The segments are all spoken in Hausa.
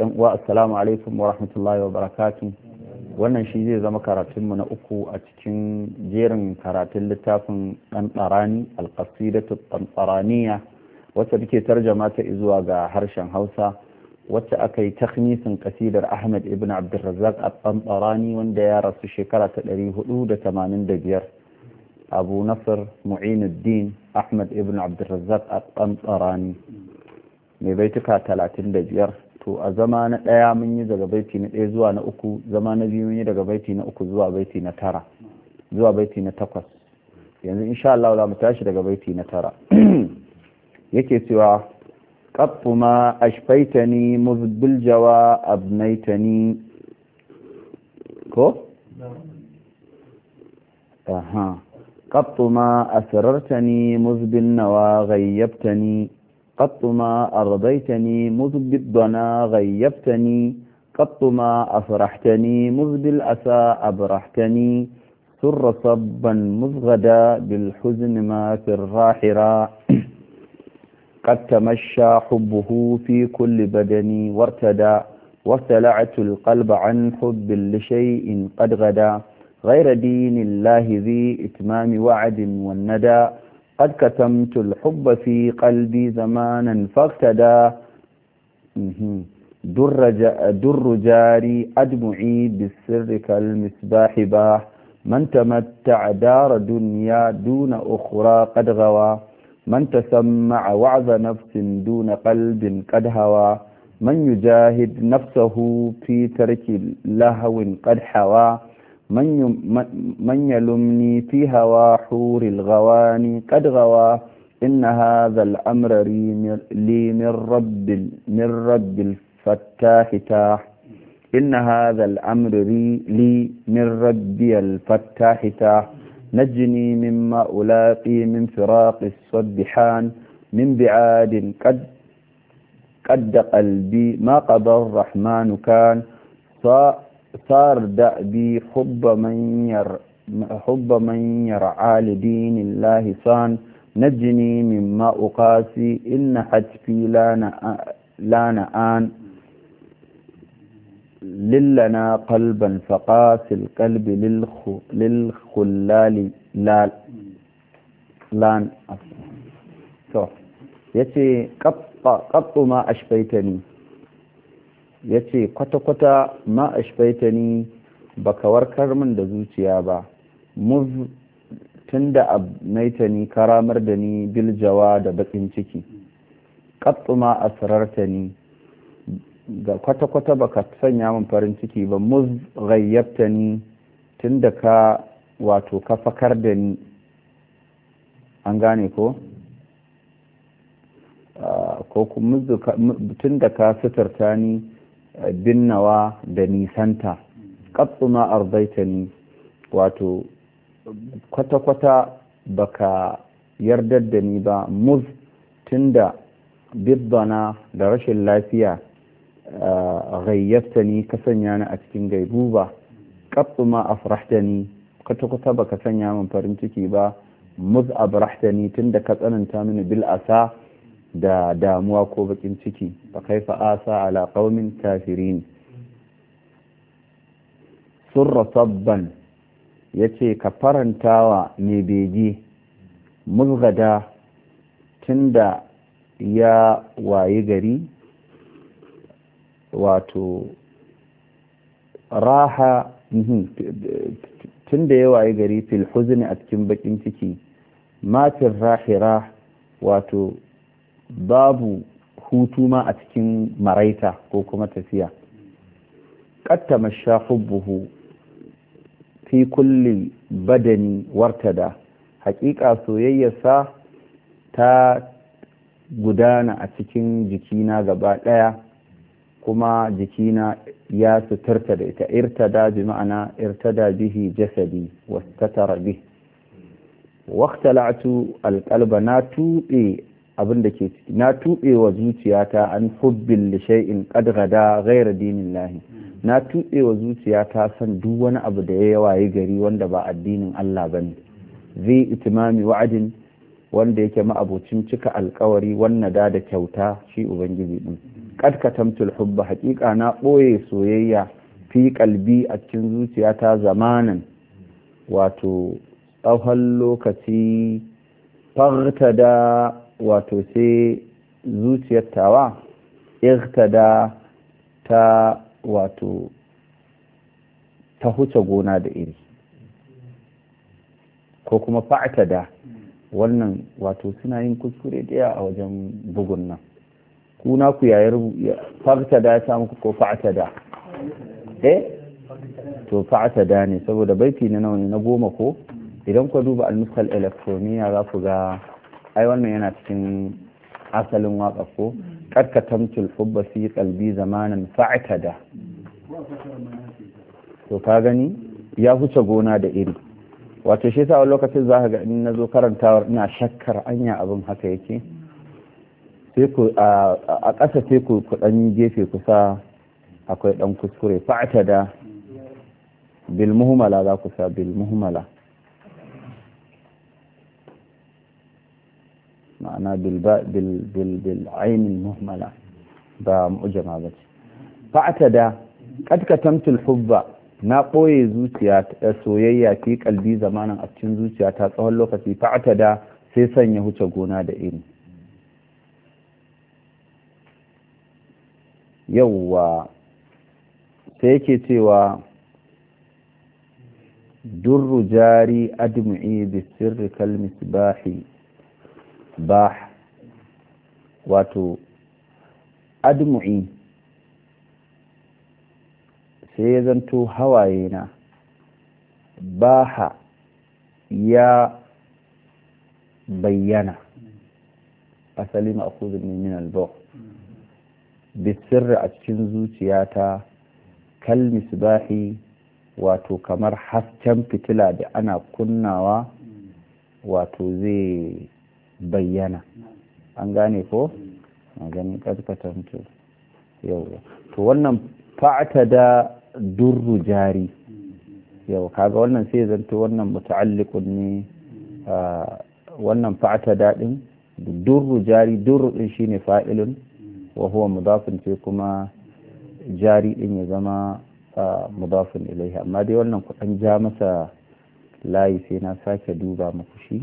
yan uwa assalamu alaikum wa rahmatullahi wa barakatu wannan shi zai zama karatunmu na uku a cikin jerin karatun littafin ɗanɗarani alƙasidatu ɗanɗaraniya wacce take tarjama ta zuwa ga harshen hausa wacce aka yi takhmisin kasidar ahmad ibn abdulrazzaq al-ɗanɗarani wanda ya rasu shekara ta ɗari hudu da tamanin da biyar abu nasir mu'inuddin ahmad ibn abdulrazzaq al-ɗanɗarani mai baituka talatin da biyar to a zama na ɗaya mun yi daga baiti na ɗaya zuwa na uku zama na biyu mun yi daga baiti na uku zuwa baiti na tara zuwa baiti na takwas yanzu insha Allah za mu tashi daga baiti na tara yake cewa qaffu ma ashfaitani muzbil jawa abnaitani ko aha qaffu ma asrartani muzbil nawa ghayyabtani قط ما أرضيتني مذ بالضنا غيبتني قط ما أفرحتني مذ بالأسى أبرحتني سر صبا مذ غدا بالحزن ما في الراحرا قد تمشى حبه في كل بدني وارتدى وابتلعت القلب عن حب لشيء قد غدا غير دين الله ذي إتمام وعد والندى قد كتمت الحب في قلبي زمانا فاقتدى در, در جاري أدمعي بالسر كالمسباح باه من تمتع دار دنيا دون أخرى قد غوى من تسمع وعظ نفس دون قلب قد هوى من يجاهد نفسه في ترك لهو قد حوى من, من يلمني في هوى حور الغواني قد غوى إن هذا الأمر لي من رب, من رب الفتاح تاح إن هذا الأمر لي من ربي الفتاح تاح نجني مما ألاقي من فراق الصبحان من بعاد قد قد قلبي ما قضى الرحمن كان صار دأبي حب من ير حب من يرعى لدين الله صان نجني مما أقاسي إن حتفي لا نآن للنا قلبا فقاس القلب للخلال لال لان أصلا يتي قط, قط ما أشبيتني ya ce kwata-kwata ma a shafaita ni ba kawar warkar min da zuciya ba muz tun da abnaita ni karamar da ni biljawa da bakin ciki katsu ma a sararta ni ga kwata-kwata ba ka sanya min farin ciki ba muz gayyabta ni tun da ka wato ka fakar da ni an gane ko? Ah, ko tun da ka suturta ni binnawa da nisanta qattu ma ni wato kwata-kwata baka yardar da ni ba muz tunda bibbana da rashin lafiya ah, gayyatta ni ka sanya ni a cikin gaibuba qattu ma ni kwata-kwata baka sanya min farin ciki ba muz tun tunda ka tsananta mini bil'asa da damuwa ko bakin ciki fa kaifa asa ala qaumin kafirin surra sabban yace ka farantawa mai bege muzgada tunda ya wayi gari wato raha ya waye gari fil huzni a cikin bakin ciki matin rahira wato babu hutu ma a cikin maraita ko kuma tafiya ƙattama shahubbuhu fi kulli badani wartada haƙiƙa soyayyarsa ta gudana a cikin jikina gaba ɗaya kuma jikina ya suturta da ita irtada bi ma'ana irtada bihi jasadi wastatara bih واختلعت na tuɓe. abin da ke ciki na tuɓe wa zuciyata an hubbin li shay'in qad ghada ghayra dinillahi na tuɓe wa zuciyata san duk wani abu da ya waye gari wanda ba addinin Allah bane zai itimami wa'adin wanda yake ma'abocin cika alkawari wannan da da kyauta shi ubangiji din kad katamtul hubba haqiqa na ɓoye soyayya fi kalbi a cikin zuciyata zamanan wato tsawon lokaci farta da wato sai zuciyar tawa irtada ta wato ta huce gona da iri ko kuma da wannan wato suna yin kuskure daya a wajen bugun nan kuna ku yayar da ya samu ko da, eh to da ne saboda baiti na nawa ne na goma ko idan ku duba al-nuskal za ku ga ai wannan yana cikin asalin waka ko kad katamtul hubba fi zamanin. zamanan da, to ka gani ya huce gona da iri wato shi sa wani lokacin zaka ga in na nazo karantawar ina shakkar anya abin haka yake a ƙasa sai ku ku gefe kusa akwai ɗan kuskure da, bil muhmala za ku sa bil muhmala ma'ana bil'ainin muhmala ba mu'jama ba ce fa'ata da ƙadkatamtul hubba na ɓoye zuciya ta eh, soyayya ke kalbi zamanin a cikin zuciya ta tsawon lokaci fa'ata da sai sanya huce gona da iri yauwa sai yake cewa durru jari admu'i bi sirri kalmisbahi asbah wato admu'i sai ya zanto hawaye na baha ya bayyana asali ma'akuzin min al-bawh bisirri a cikin zuciyata kal misbahi wato kamar hasken fitila da ana kunnawa wato zai bayyana an gane ko maganin mutu, yau to wannan fa'ata da durru jari yau kaga wannan sai zanto wannan muta'alliqun ne wannan fa'ata daɗin durru jari durru ɗin shine fa'ilun wa huwa mudafin sai kuma jari ɗin ya zama mudafin ilaihi amma dai wannan kuɗan ja masa layi sai na sake duba muku shi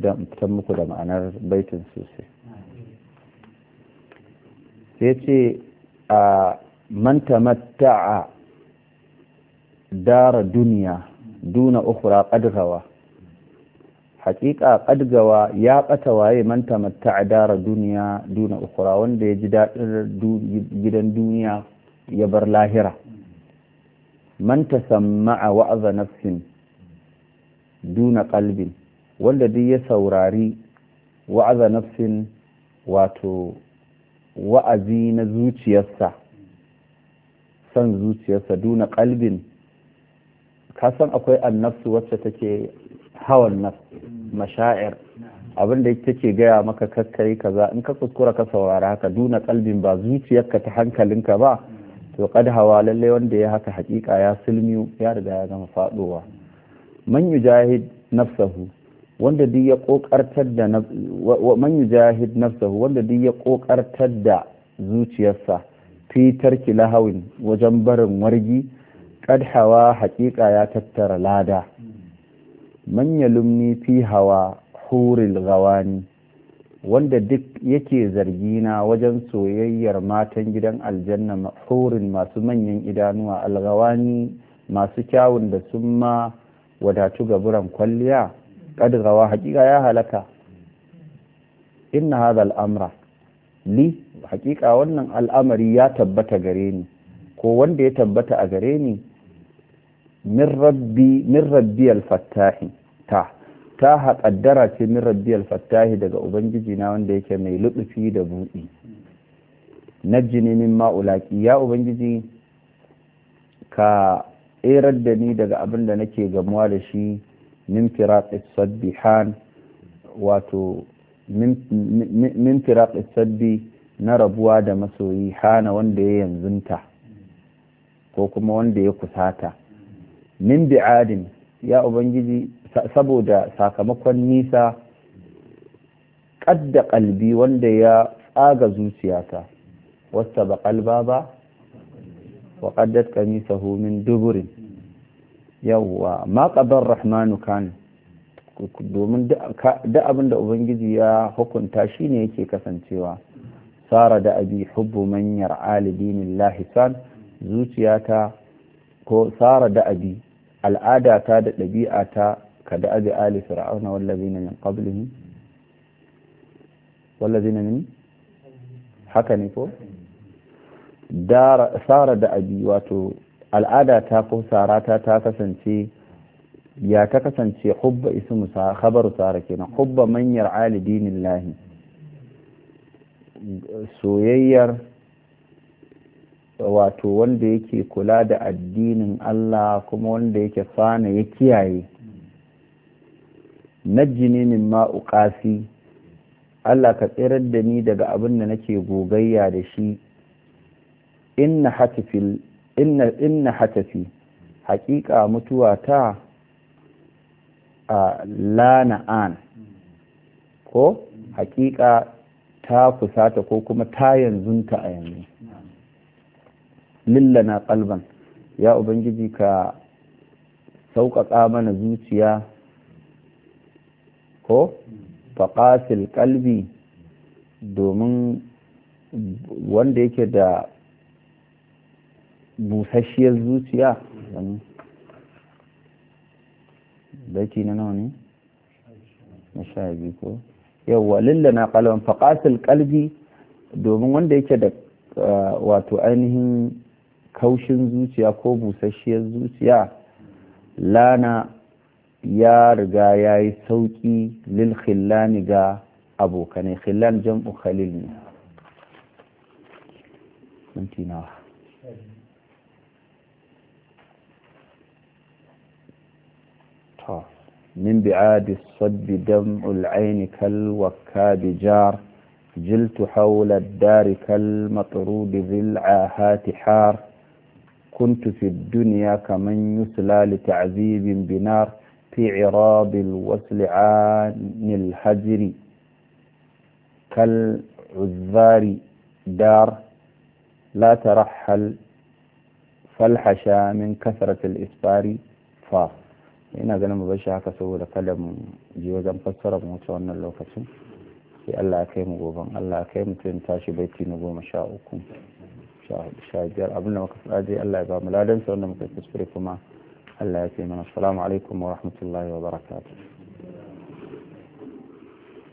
don fitan muku da ma'anar baitin sosai sai ce a man a dara duniya duna ukura ƙadgawa haƙiƙa ƙadgawa ya ɓata waye manta mata dara duniya duna ukura wanda ya ji daɗin gidan duniya ya bar lahira manta tasamma'a wa'aza nafsin duna ƙalbin wanda duk ya saurari wa'aza nafsin wato wa'azi na zuciyarsa san zuciyarsa duna kalbin kasan akwai annafsu wacce take hawan nafs masha'ir abinda take gaya maka kakkai kaza in ka kuskura ka saurara haka duna kalbin ba zuciyarka ta hankalinka ba to kad hawa lalle wanda ya haka hakika ya silmiyu ya riga ya gama fadowa man yujahid nafsahu wanda duk ya kokartar da man yujahid nafsahu wanda duk ya kokartar da zuciyarsa fi tarki lahawin wajen barin wargi kad hawa haƙiƙa ya tattara lada man yalumni fi hawa huril gawani wanda duk yake zargina wajen soyayyar matan gidan aljanna hurin masu manyan idanuwa algawani masu kyawun da sun ma wadatu gaburan kwalliya qad hakika ya halaka inna hadha al-amra li hakika wannan al'amari ya tabbata gare ni ko wanda ya tabbata a gare ni min rabbi min rabbi al fattah ta ta kaddara ce min rabbi al fattah daga ubangiji na wanda yake mai lutsufi da buɗi najini min ma'ulaki ya ubangiji ka tserar da ni daga abin da nake gamuwa da shi min firaq as-sabbihan wato na rabuwa da masoyi hana wanda ya yanzunta ko kuma wanda ya kusata min bi'adin ya ubangiji saboda sakamakon nisa kadda kalbi wanda ya tsaga zuciyata wasta ba kalba ba wa kaddat kamisahu min duburin yawwa ma qadar rahmanu kan domin da abin da ubangiji ya hukunta shine yake kasancewa sara da abi hubbu man yar'ali dinillahi san zuciyata ko sara da abi al'adata da ɗabi'ata ka da abi ali fir'auna wallazina min qablihim wallazina min haka ne ko sara da abi wato al'ada ta ko sarata ta kasance ya ta kasance hubba ismu khabaru sara kenan hubba manyar ali dinillahi soyayyar wato wanda yake kula da addinin Allah kuma wanda yake fana ya kiyaye jini min ma uqasi Allah ka tsirar da ni daga abin da nake gogayya da shi inna hatifil inna hatafi haƙiƙa mutuwa ta a an? ko haƙiƙa ta fusata ko kuma ta ta a yanzu lillana ƙalban ya ubangiji ka sauƙaƙa mana zuciya ko faƙasil ƙalbi domin wanda yake da busasshiyar zuciya baiti na nawa ne na sha biyu ko yawwa lilla na kalon faƙasar kalbi domin wanda yake da uh, wato ainihin kaushin zuciya ko busasshiyar zuciya lana ya riga ya yi sauƙi lil ga abokanai khillan jam'u khalil ne الطاف من بعاد الصد دمع العين كالوكاد جار جلت حول الدار كالمطرود ذي العاهات حار كنت في الدنيا كمن يسلى لتعذيب بنار في عراض الوصل عن الهجر كالعذار دار لا ترحل فالحشا من كثرة الإسفار فار ina ganin mu bashi haka saboda kada mu je wajen fassara mu wuce wannan lokacin sai Allah ya kai mu goban Allah ya kai mu tun tashi baiti na goma sha uku sha hudu sha biyar abin da muka faɗa dai Allah ya ba mu ladan sa wanda muka kuskure kuma Allah ya ce mana assalamu alaikum wa rahmatullahi wa barakatuh